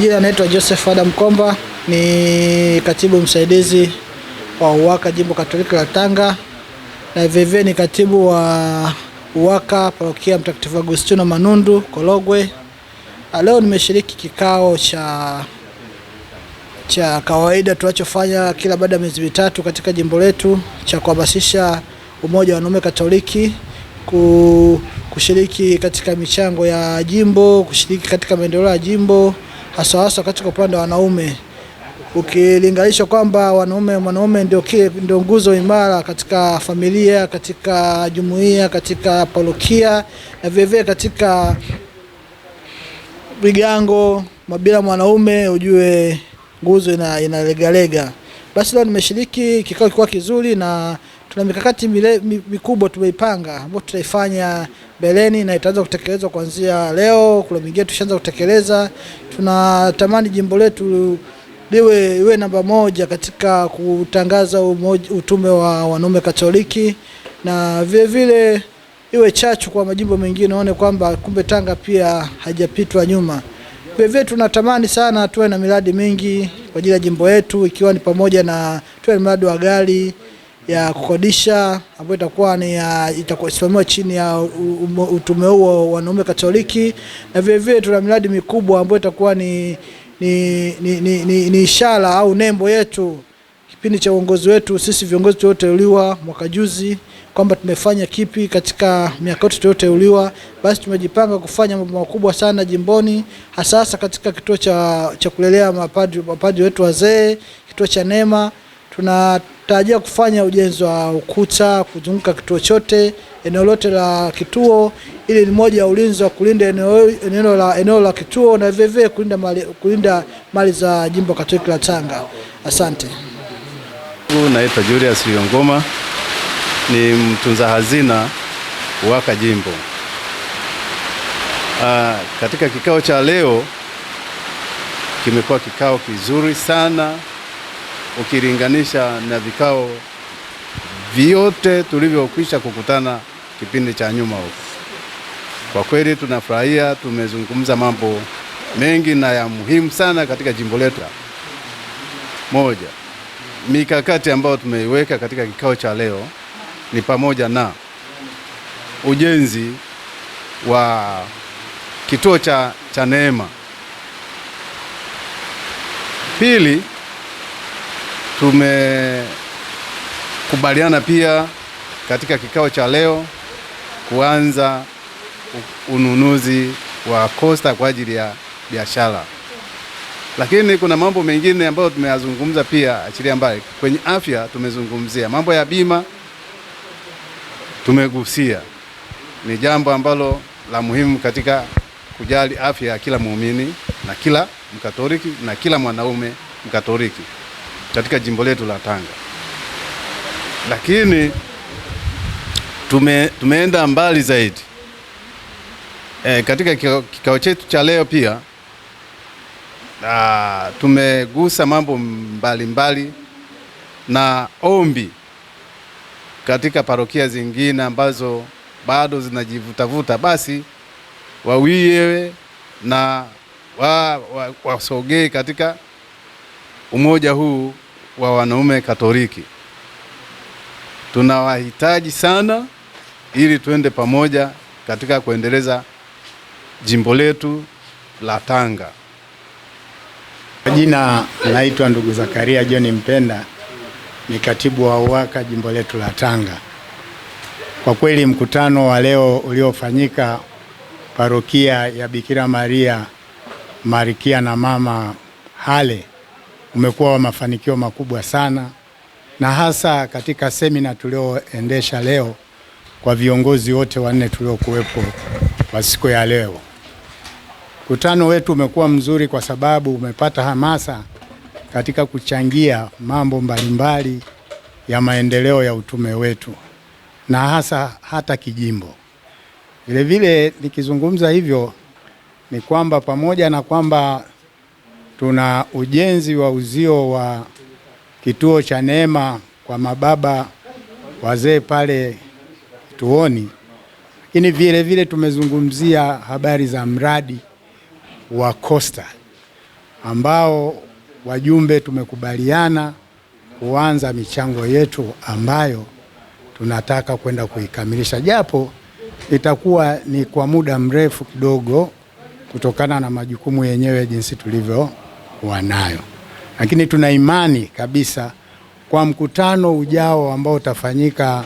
Jina anaitwa Joseph Adam Komba, ni katibu msaidizi wa UWAKA jimbo Katoliki la Tanga na vivyo ni katibu wa UWAKA parokia Mtakatifu Agustino Manundu Korogwe. Leo nimeshiriki kikao cha cha kawaida tunachofanya kila baada ya miezi mitatu katika jimbo letu cha kuhamasisha umoja wa wanaume Katoliki kushiriki katika michango ya jimbo, kushiriki katika maendeleo ya jimbo hasa hasa katika upande wa wanaume, ukilinganisha kwamba wanaume mwanaume ndio ndio nguzo imara katika familia, katika jumuiya, katika parokia na vilevile katika vigango. mabila mwanaume ujue nguzo ina inalegalega. Basi leo nimeshiriki kikao, kikuwa kizuri na Tuna mikakati mikubwa tumeipanga ambayo tutaifanya mbeleni na itaanza kutekelezwa kuanzia leo. Kuna mingine tushaanza kutekeleza. Tunatamani jimbo letu liwe iwe namba moja katika kutangaza umoja, utume wa wanaume Katoliki na vile vile iwe chachu kwa majimbo mengine, waone kwamba kumbe Tanga pia hajapitwa nyuma. Vile vile tunatamani sana tuwe na miradi mingi kwa ajili ya jimbo yetu, ikiwa ni pamoja na tuwe na mradi wa gari ya kukodisha ambayo itakuwa ni itakusimamiwa chini ya utume huo wa wanaume Katoliki, na vile vile tuna miradi mikubwa ambayo itakuwa ni, ni, ni, ni, ni, ni ishara au nembo yetu kipindi cha uongozi wetu sisi viongozi tulioteuliwa mwaka juzi kwamba tumefanya kipi katika miaka yote tulioteuliwa. Basi tumejipanga kufanya mambo makubwa sana jimboni, hasa hasa katika kituo cha, cha kulelea mapadri, mapadri wetu wazee, kituo cha Neema tunatarajia kufanya ujenzi wa ukuta kuzunguka kituo chote, eneo lote la kituo. Ili ni moja ya ulinzi wa kulinda eneo, eneo, la, eneo la kituo na vilevile kulinda mali, kulinda mali za jimbo Katoliki la Tanga. Asante. Naitwa Julius Liongoma, ni mtunza hazina waka jimbo. Aa, ah, katika kikao cha leo kimekuwa kikao kizuri sana ukilinganisha na vikao vyote tulivyokwisha kukutana kipindi cha nyuma huko. Kwa kweli tunafurahia, tumezungumza mambo mengi na ya muhimu sana katika jimbo letu. Moja, mikakati ambayo tumeiweka katika kikao cha leo ni pamoja na ujenzi wa kituo cha, cha Neema. Pili, Tumekubaliana pia katika kikao cha leo kuanza ununuzi wa kosta kwa ajili ya biashara, lakini kuna mambo mengine ambayo tumeyazungumza pia, achilia mbali. Kwenye afya tumezungumzia mambo ya bima, tumegusia ni jambo ambalo la muhimu katika kujali afya ya kila muumini na kila Mkatoliki na kila mwanaume Mkatoliki katika jimbo letu la Tanga, lakini tume, tumeenda mbali zaidi e, katika kikao chetu cha leo pia na, tumegusa mambo mbalimbali mbali, na ombi katika parokia zingine ambazo bado zinajivutavuta basi wawiwe na wasogee wa, wa katika umoja huu wa wanaume Katoliki. Tunawahitaji sana ili tuende pamoja katika kuendeleza jimbo letu la Tanga. Kwa jina naitwa ndugu Zakaria John Mpenda, ni katibu wa UWAKA jimbo letu la Tanga. Kwa kweli mkutano wa leo uliofanyika parokia ya Bikira Maria Marikia na Mama Hale umekuwa wa mafanikio makubwa sana, na hasa katika semina tulioendesha leo kwa viongozi wote wanne tuliokuwepo kwa siku ya leo. Mkutano wetu umekuwa mzuri kwa sababu umepata hamasa katika kuchangia mambo mbalimbali ya maendeleo ya utume wetu na hasa hata kijimbo. Vilevile nikizungumza hivyo ni kwamba pamoja na kwamba tuna ujenzi wa uzio wa kituo cha neema kwa mababa wazee pale kituoni, lakini vile vile tumezungumzia habari za mradi wa Costa ambao wajumbe tumekubaliana kuanza michango yetu ambayo tunataka kwenda kuikamilisha, japo itakuwa ni kwa muda mrefu kidogo kutokana na majukumu yenyewe jinsi tulivyo wanayo, lakini tuna imani kabisa kwa mkutano ujao ambao utafanyika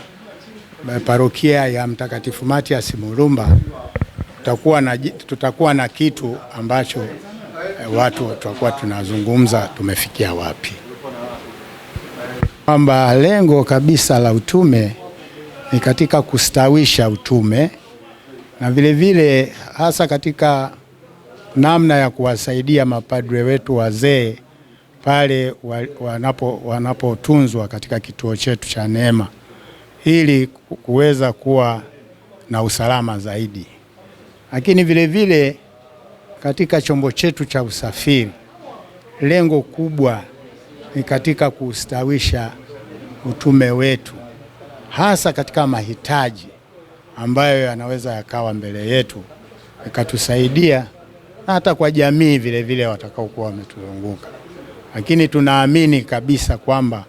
eh, parokia ya Mtakatifu Matias Murumba tutakuwa na, tutakuwa na kitu ambacho eh, watu tutakuwa tunazungumza tumefikia wapi, kwamba lengo kabisa la utume ni katika kustawisha utume na vilevile vile hasa katika namna ya kuwasaidia mapadre wetu wazee pale wanapotunzwa katika kituo chetu cha Neema ili kuweza kuwa na usalama zaidi, lakini vile vile katika chombo chetu cha usafiri, lengo kubwa ni katika kustawisha utume wetu, hasa katika mahitaji ambayo yanaweza yakawa mbele yetu, ikatusaidia na hata kwa jamii vilevile watakaokuwa wametuzunguka. Lakini tunaamini kabisa kwamba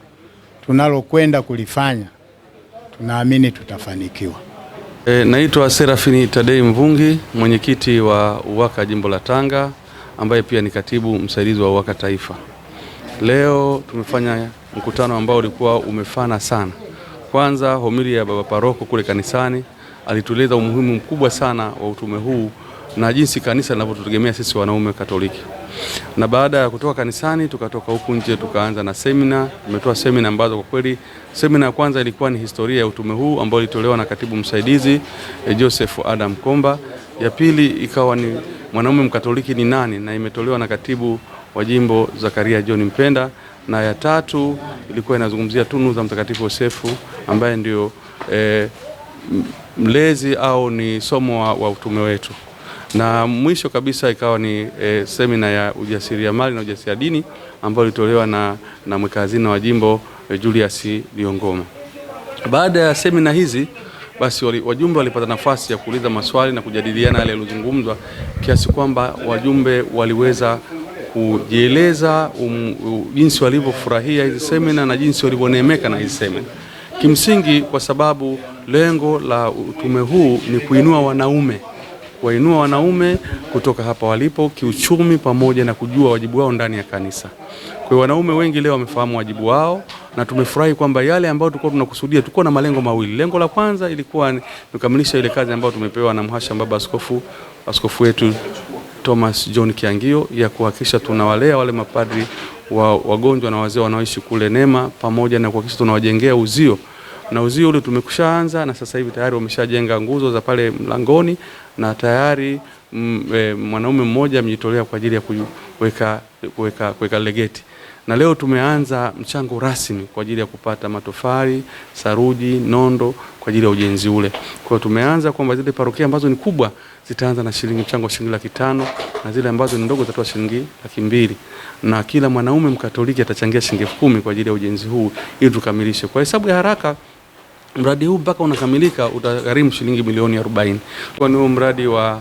tunalokwenda kulifanya tunaamini tutafanikiwa. E, naitwa Serafini Tadei Mvungi, mwenyekiti wa UWAKA Jimbo la Tanga ambaye pia ni katibu msaidizi wa UWAKA Taifa. Leo tumefanya mkutano ambao ulikuwa umefana sana. Kwanza, homili ya baba paroko kule kanisani alitueleza umuhimu mkubwa sana wa utume huu na jinsi kanisa linavyotutegemea sisi wanaume Katoliki. Na baada ya kutoka kanisani, tukatoka huku nje, tukaanza na semina. Tumetoa semina ambazo kwa kweli, semina ya kwanza ilikuwa ni historia ya utume huu ambayo ilitolewa na katibu msaidizi eh, Joseph Adam Komba. Ya pili ikawa ni mwanaume mkatoliki ni nani, na imetolewa na katibu wa jimbo Zakaria John Mpenda, na ya tatu ilikuwa inazungumzia tunu za Mtakatifu Yosefu ambaye ndio eh, mlezi au ni somo wa, wa utume wetu na mwisho kabisa ikawa ni e, semina ya ujasiriamali na ujasiria dini ambayo ilitolewa na, na mweka hazina wa jimbo e, Julius Liongoma. Baada ya semina hizi basi wajumbe walipata nafasi ya kuuliza maswali na kujadiliana yale yaliyozungumzwa, kiasi kwamba wajumbe waliweza kujieleza um, um, jinsi walivyofurahia hizi semina na jinsi walivyoneemeka na hizi semina, kimsingi kwa sababu lengo la utume huu ni kuinua wanaume kuwainua wanaume kutoka hapa walipo kiuchumi, pamoja na kujua wajibu wao ndani ya kanisa. Kwa hiyo wanaume wengi leo wamefahamu wajibu wao na tumefurahi kwamba yale ambayo tulikuwa tunakusudia, tulikuwa na malengo mawili. Lengo la kwanza ilikuwa kukamilisha ile kazi ambayo tumepewa na mhasha baba askofu, askofu wetu Thomas John Kiangio ya kuhakikisha tunawalea wale mapadri wa wagonjwa na wazee wanaoishi kule Nema, pamoja na kuhakikisha tunawajengea uzio na uzio ule tumekushaanza, na sasa hivi tayari wameshajenga nguzo za pale mlangoni na tayari mm, e, mwanaume mmoja amejitolea kwa ajili ya kuweka kuweka kuweka legeti, na leo tumeanza mchango rasmi kwa ajili ya kupata matofali, saruji, nondo kwa ajili ya ujenzi ule. Kwa hiyo tumeanza kwamba zile parokia ambazo ni kubwa zitaanza na shilingi mchango wa shilingi laki tano na zile ambazo ni ndogo zitatoa shilingi laki mbili na kila mwanaume Mkatoliki atachangia shilingi elfu kumi kwa ajili ya ujenzi huu ili tukamilishe kwa hesabu ya haraka mradi huu mpaka unakamilika utagharimu shilingi milioni 40. Kwa ni mradi wa,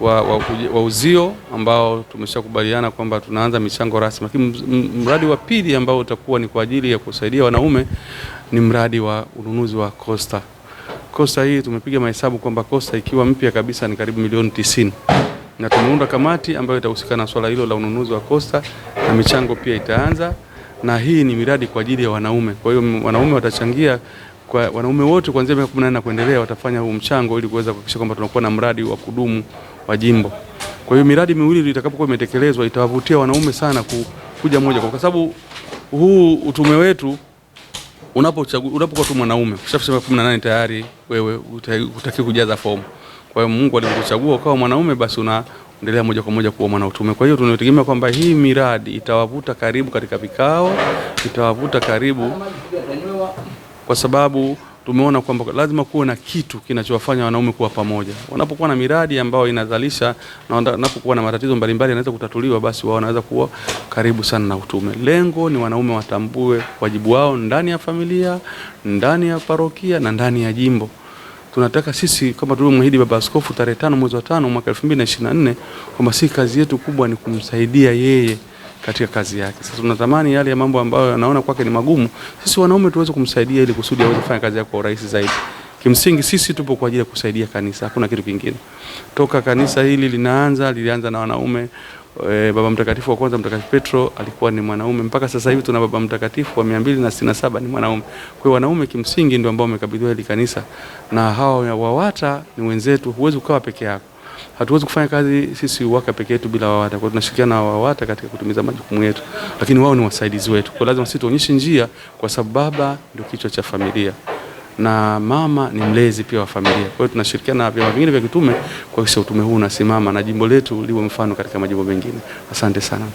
wa, wa, wa uzio ambao tumeshakubaliana kwamba tunaanza michango rasmi, lakini mradi wa pili ambao utakuwa ni kwa ajili ya kusaidia wanaume ni mradi wa ununuzi wa kosta. Kosta hii tumepiga mahesabu kwamba kosta ikiwa mpya kabisa ni karibu milioni tisini na tumeunda kamati ambayo itahusika na swala hilo la ununuzi wa kosta na michango pia itaanza, na hii ni miradi kwa ajili ya wanaume. Kwa hiyo wanaume watachangia kwa wanaume wote kuanzia miaka 18 na kuendelea watafanya huu mchango ili kuweza kuhakikisha kwamba tunakuwa na mradi wa kudumu wa jimbo. Kwa hiyo miradi miwili itakapokuwa imetekelezwa itawavutia wanaume sana kuja moja kwa sababu huu utume wetu unapochagua unapokuwa tu mwanaume ukishafika 18 tayari wewe utaki kujaza fomu. Kwa hiyo Mungu alikuchagua ukawa mwanaume basi unaendelea moja kwa moja kuwa mwanautume. Kwa hiyo tunategemea kwamba hii miradi itawavuta karibu katika vikao, itawavuta karibu kwa sababu tumeona kwamba lazima kuwe na kitu kinachowafanya wanaume kuwa pamoja. Wanapokuwa na miradi ambayo inazalisha na wanapokuwa na matatizo mbalimbali yanaweza kutatuliwa, basi wao wanaweza kuwa karibu sana na utume. Lengo ni wanaume watambue wajibu wao ndani ya familia, ndani ya parokia na ndani ya jimbo. Tunataka sisi kama tulivyomwahidi Baba Askofu tarehe tano mwezi wa tano mwaka 2024 kwamba si kazi yetu kubwa ni kumsaidia yeye katika kazi yake. Sasa tunatamani yale ya mambo ambayo anaona kwake ni magumu, sisi wanaume tuweze kumsaidia ili kusudi aweze kufanya kazi yake kwa urahisi zaidi. Kimsingi sisi tupo kwa ajili ya kusaidia kanisa, hakuna kitu kingine. Toka kanisa hili linaanza, lilianza na wanaume. E, Baba Mtakatifu wa kwanza Mtakatifu Petro alikuwa ni mwanaume. Mpaka sasa hivi tuna Baba Mtakatifu wa 267 ni mwanaume. Kwa hiyo wanaume kimsingi ndio ambao wamekabidhiwa hili kanisa, na hawa WAWATA ni wenzetu, huwezi ukawa peke yako hatuwezi kufanya kazi sisi UWAKA peke yetu bila WAWATA. Kwa tunashirikiana na WAWATA katika kutimiza majukumu yetu, lakini wao ni wasaidizi wetu, kwa lazima sisi tuonyeshe njia, kwa sababu baba ndio kichwa cha familia na mama ni mlezi pia wa familia. Kwa hiyo tunashirikiana na vyama vingine vya kitume kuhakikisha utume huu unasimama na jimbo letu liwe mfano katika majimbo mengine. Asante sana.